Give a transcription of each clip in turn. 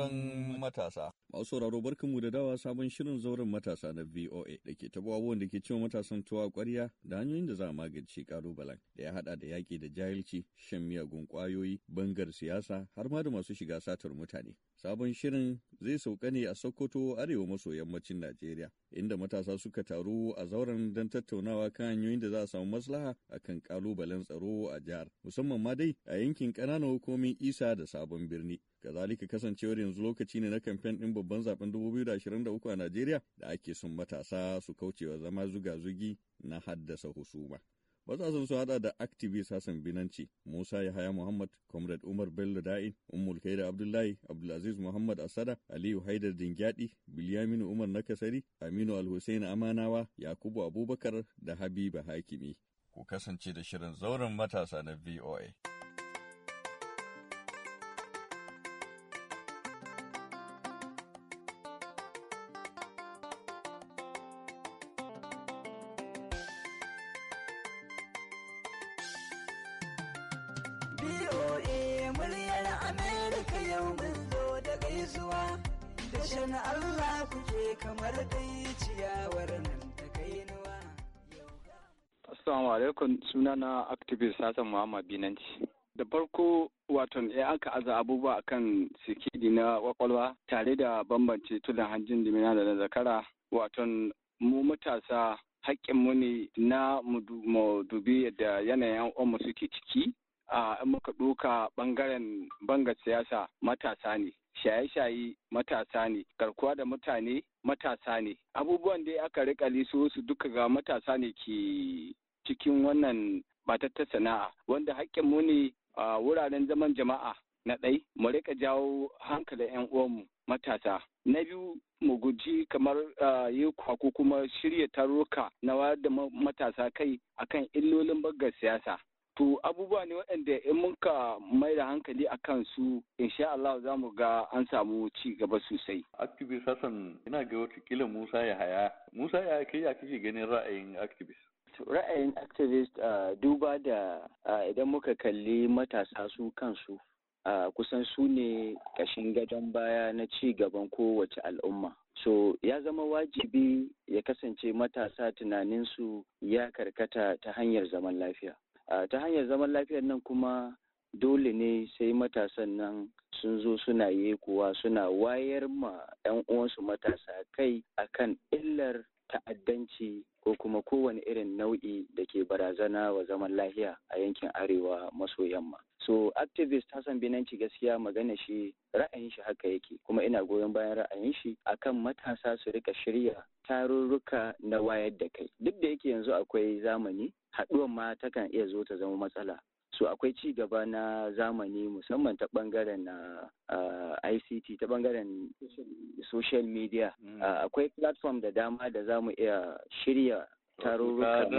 zauren mm. matasa. Masu sauraro mu da dawa sabon shirin zauren matasa na VOA da ke taɓa abubuwan da ke cewa matasan tuwa ƙwarya da hanyoyin da za a magance ƙalubalen da ya haɗa da yaƙi da jahilci, shan miyagun ƙwayoyi, bangar siyasa har ma da masu shiga satar mutane. Sabon shirin zai sauka ne a Sokoto arewa maso yammacin Najeriya, inda matasa suka taru a zauren don tattaunawa kan hanyoyin da za a samu maslaha a kan kalubalen tsaro a jihar, musamman ma dai a yankin ƙananan hukumomin Isa da Sabon Birni. Kazalika kasancewar yanzu lokaci ne na kamfen ɗin babban zaben 2023 a Najeriya da ake son matasa su kaucewa zama zuga-zugi na haddasa husuma. Wasu sun hada da activist Hassan Binanci, Musa Yahaya Muhammad, Comrade Umar Bello Da'in, Ummul Kaida Abdullahi, Abdulaziz Muhammad Asada, Aliyu Haidar Dingyadi, Bilyaminu Umar Nakasari, Aminu Alhussein Amanawa, Yakubu Abubakar da Habiba Hakimi. Ku kasance da shirin zauren matasa na VOA. BOA muryar Amerika yau mun zo da gaisuwa da shan Allah kuke kamar dai ciyawar nan ta kainuwa. Assalamu alaikum sunana activist Hassan Muhammad Binanci. Da farko waton ya eh, aka aza abubuwa kan sikidi na kwakwalwa tare da bambance tulin hanjin dimina da na zakara waton mu matasa haƙƙinmu ne na mu dubi yadda yanayin mu suke ciki in muka ɗoka ɓangaren banga siyasa matasa ne shaye-shaye matasa ne garkuwa da mutane matasa ne abubuwan da aka rika liso su duka ga matasa ne ke cikin wannan batattar sana'a wanda mu ne a wuraren zaman jama'a na ɗai mu rika jawo hankalin 'yan uwanmu matasa na biyu mu guji kamar yi ko kuma shirya taruka na wayar da matasa kai akan illolin bangar siyasa To abubuwa ne waɗanda in muka mai da hankali a kansu insha Allah za mu ga an samu ci gaba sosai. Activist Hassan ina ga watakila Musa haya. Musa Yahaya kai ya kake ganin ra'ayin activist? Ra'ayin activist duba da idan muka kalli matasa su kansu kusan su ne ƙashin gadon baya na ci gaban kowace al'umma. So ya zama wajibi ya kasance matasa tunaninsu ya karkata ta hanyar zaman lafiya. ta hanyar zaman lafiyar nan kuma dole ne sai matasan nan sun zo suna kuwa suna wayar ma 'yan uwansu matasa kai akan illar ta'addanci ko kuma kowane irin nau'i da ke barazana wa zaman lahiya a yankin arewa maso yamma. So activist Hassan Binanci gaskiya magana shi ra'ayin shi haka yake kuma ina goyon bayan ra'ayin shi akan matasa su rika shirya tarurruka na wayar da kai. Duk da yake yanzu akwai zamani haɗuwan ma takan iya zo ta zama matsala so akwai ci gaba na zamani musamman ta bangaren uh, ah, ah, ICT ta bangaren social media mm. ah, akwai platform da dama da za mu iya shirya tarurruka ta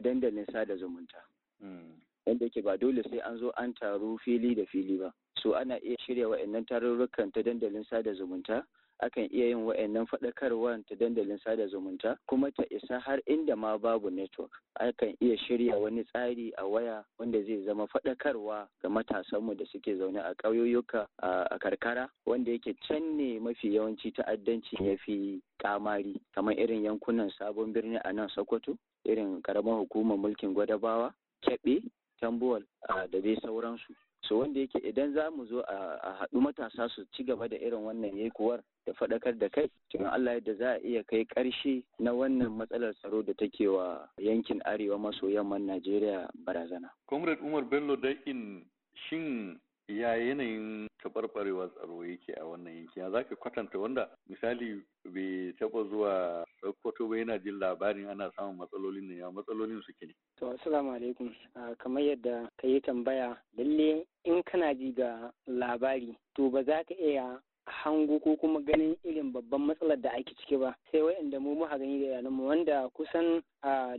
dandalin sada zumunta mm. wanda yake ba dole sai an zo an taru fili da fili ba so ana iya shirya wa'annan tarurrukan ta dandalin sada zumunta akan iya yin wa'annan faɗakarwar ta dandalin sada zumunta kuma ta isa har inda ma babu network akan iya shirya wani tsari a waya wanda zai zama faɗakarwa ga matasanmu da suke zaune a ƙauyoyuka a karkara wanda yake canne mafi yawanci ta'addanci ya fi kamari kamar irin yankunan sabon birni a nan sokoto irin karamar hukumar mulkin gwadabawa kyaɓe tambuwal da dai sauransu so wanda yake idan za mu zo a haɗu matasa su ci gaba da irin wannan kuwar da faɗakar da kai cikin Allah yadda za a iya kai ƙarshe na wannan matsalar tsaro da take wa yankin arewa maso yamman Najeriya barazana. Comrade Umar Bello da in shin ya yanayin taɓarɓarewar tsaro yake a wannan yankin, ya ka kwatanta wanda misali bai taɓa zuwa sokoto ba yana jin labarin ana samun matsalolin ne ya matsalolin suke ne to assalamu alaikum kamar yadda ka yi tambaya lalle in kana ji ga labari to ba za ka iya hangu ko kuma ganin irin babban matsalar da ake ciki ba sai waɗanda mu muka gani da mu wanda kusan a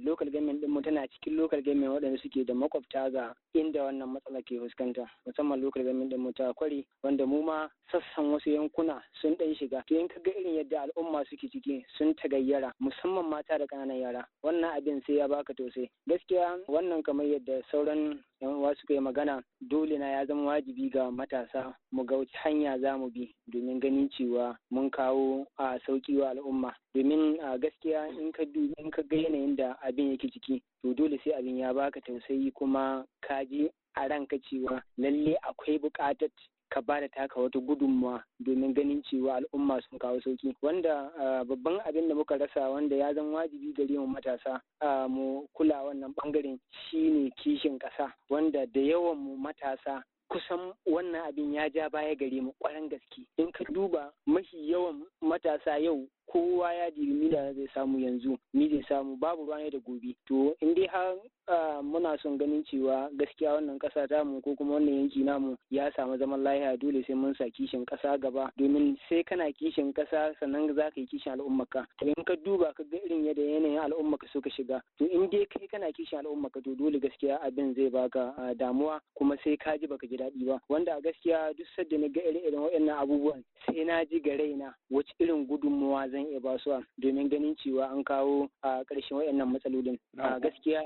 local government waɗanda suke da makwabta ga inda wannan matsala ke fuskanta musamman local government din mu ta kwari wanda mu ma sassan wasu yankuna sun ɗan shiga to in ka ga irin yadda al'umma suke ciki sun tagayyara musamman mata da ƙananan yara wannan abin sai ya baka tausayi gaskiya wannan kamar yadda sauran yan suka yi magana dole na ya zama wajibi ga matasa mu ga hanya za mu bi domin ganin cewa mun kawo a sauki wa al'umma domin a gaskiya in ka in ka ga yanayin da abin yake ciki to dole sai abin ya baka tausayi kuma kaji a ranka cewa lalle akwai buƙatar ka ba da taka wata gudunmawa domin ganin cewa al'umma sun kawo sauki wanda babban abin da muka rasa wanda ya zan wajibi gare mu matasa mu kula wannan bangaren shine kishin ƙasa wanda da yawan mu matasa kusan wannan abin ya ja baya gare mu kwaran gaske in ka duba mafi yawan matasa yau kowa ya diri mila zai samu yanzu ni zai samu babu ruwa ne da gobe to in dai har muna son ganin cewa gaskiya wannan kasa ta mu ko kuma wannan yanki namu ya samu zaman lafiya dole sai mun sa kishin kasa gaba domin sai kana kishin kasa sannan za ka yi kishin al'ummarka to in ka duba ka ga irin yadda yanayin al'ummarka suka shiga to in dai kai kana kishin al'ummarka to dole gaskiya abin zai baka damuwa kuma sai ka ji baka ji daɗi ba wanda a gaskiya duk sadda na ga irin irin waɗannan abubuwan sai na ji ga raina wace irin gudunmuwa zan yan ibasuwa domin ganin cewa an kawo a ƙarshen waɗannan matsalolin. A gaskiya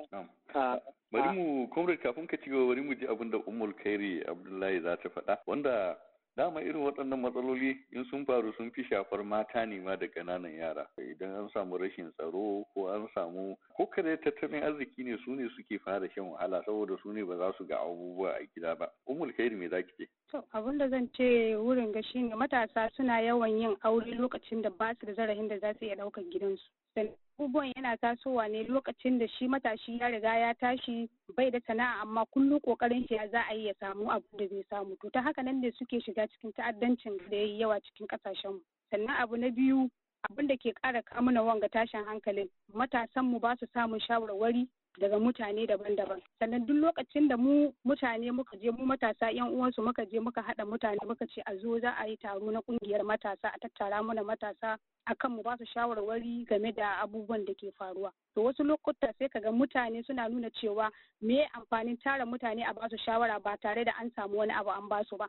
bari mu kafin ka ci gaba bari mu ji abin da umul kairi abdullahi za ta faɗa wanda dama irin waɗannan matsaloli in sun faru sun fi shafar mata ne ma da ƙananan yara idan an samu rashin tsaro ko an samu ko kada tattalin arziki ne su ne suke fara shan wahala saboda su ne ba za su ga abubuwa a gida ba umul khair me zaki ce to abin da zan ce wurin ga shine matasa suna yawan yin aure lokacin da ba su da zarafin da za su iya ɗaukar gidansu abubuwan yana tasowa ne lokacin da shi matashi ya riga ya tashi bai da sana'a amma kullum kokarin shi ya za a yi ya samu abu da zai samu to ta haka nan ne suke shiga cikin ta'addancin da yayi yawa cikin kasashen mu sannan abu na biyu abin da ke ƙara kamuna wanga tashin hankalin matasan mu ba su samun shawarwari daga mutane daban-daban sannan duk lokacin da mu mutane muka je mu matasa yan uwansu muka je muka haɗa mutane muka ce a zo za a yi taro na ƙungiyar matasa a tattara mana matasa akan mu ba su shawarwari game da abubuwan da ke faruwa to wasu lokuta sai kaga mutane suna nuna cewa me amfanin tara mutane a basu shawara ba tare da an samu wani abu an ba su ba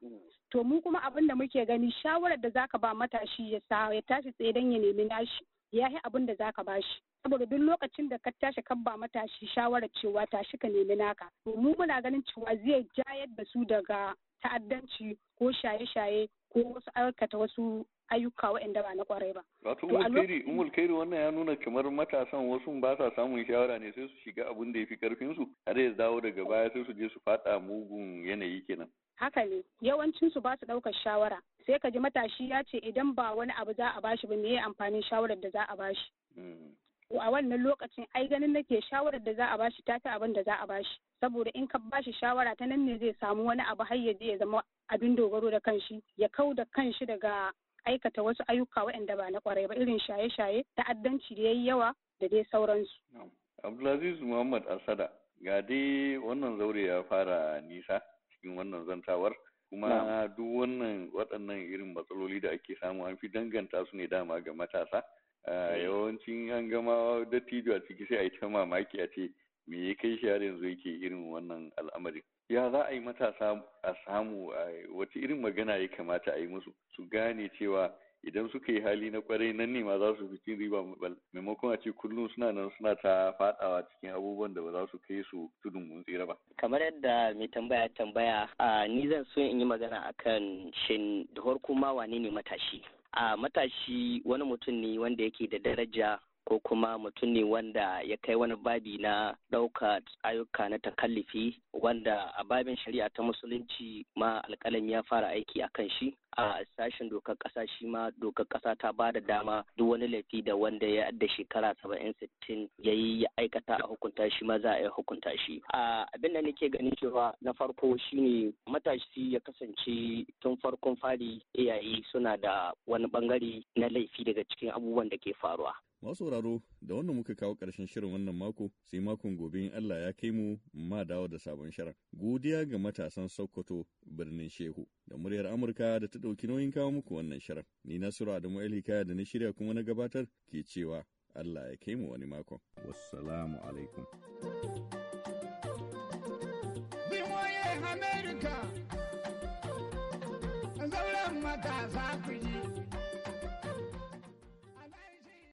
to mu kuma abin da muke gani shawarar da zaka ba matashi ya sa ya tashi tsaye dan ya nemi nashi ya yi abin da zaka bashi saboda duk lokacin da ka tashi kan ba matashi shawarar cewa tashi ka nemi naka to mu muna ganin cewa zai jayar da su daga ta'addanci ko shaye-shaye ko wasu aikata wasu ayyuka waɗanda ba na kwarai ba. Wato Umulkeri wannan ya nuna kamar matasan wasu ba sa samun shawara ne sai su shiga abin da ya fi karfin su har ya dawo daga baya sai su je su faɗa mugun yanayi kenan. Haka ne, yawancinsu su ba su ɗaukar shawara. sai ka ji matashi ya ce idan ba wani abu za a bashi ba me amfanin shawarar da za a bashi to mm. a wannan lokacin ai ganin nake shawarar da za a bashi ta fi abin da za a bashi saboda in ka bashi shawara ta nan ne zai samu wani abu har ya je ya zama abin dogaro da kanshi ya kau da kanshi daga aikata wasu ayyuka waɗanda ba na kwarai ba irin shaye-shaye ta'addanci da yayi yawa da dai sauransu. Abdulaziz Muhammad Asada ga dai wannan zaure ya fara nisa cikin wannan zantawar kuma duk wannan waɗannan irin matsaloli da ake samu an fi danganta su ne dama ga matasa eh. yawancin an gama dattijo a ciki sai a yi ta mamaki a ce me ya kai shi har yanzu yake irin wannan al'amarin ya za a yi matasa a samu wace irin magana ya kamata a yi musu su gane cewa idan suka yi hali na kwarai nan ne ma za su fi cin riba maimakon a ce kullum suna nan suna ta fadawa cikin abubuwan da ba za su kai su tudun mun tsira ba. Kamar yadda mai tambaya tambaya ni zan so in yi magana akan shin da farko ma wane ne matashi? a matashi wani mutum ne wanda yake da daraja ko kuma mutum ne wanda ya kai wani babi na ɗauka ayyuka na takallifi wanda a babin shari'a ta musulunci ma alƙalami ya fara aiki a kan shi a sashen dokar ƙasa shi ma dokar ƙasa ta ba da dama duk wani laifi da wanda ya da shekara saba'in sittin ya yi ya aikata a hukunta shi ma za a yi hukunta shi a abin da nake ganin cewa na farko shine matashi ya kasance tun farkon fari iyaye suna da wani bangare na laifi daga cikin abubuwan da ke faruwa masu sauraro da wannan muka kawo ƙarshen shirin wannan mako sai makon gobe in Allah ya kai mu ma dawo da sabon shirin. Godiya ga matasan Sokoto birnin Shehu da muryar Amurka da ta ɗauki nauyin kawo muku wannan shirin. Ni Nasiru Adamu Alhikaya da na shirya kuma na gabatar ke cewa Allah ya kai mu wani mako. Wassalamu alaikum. America, matasa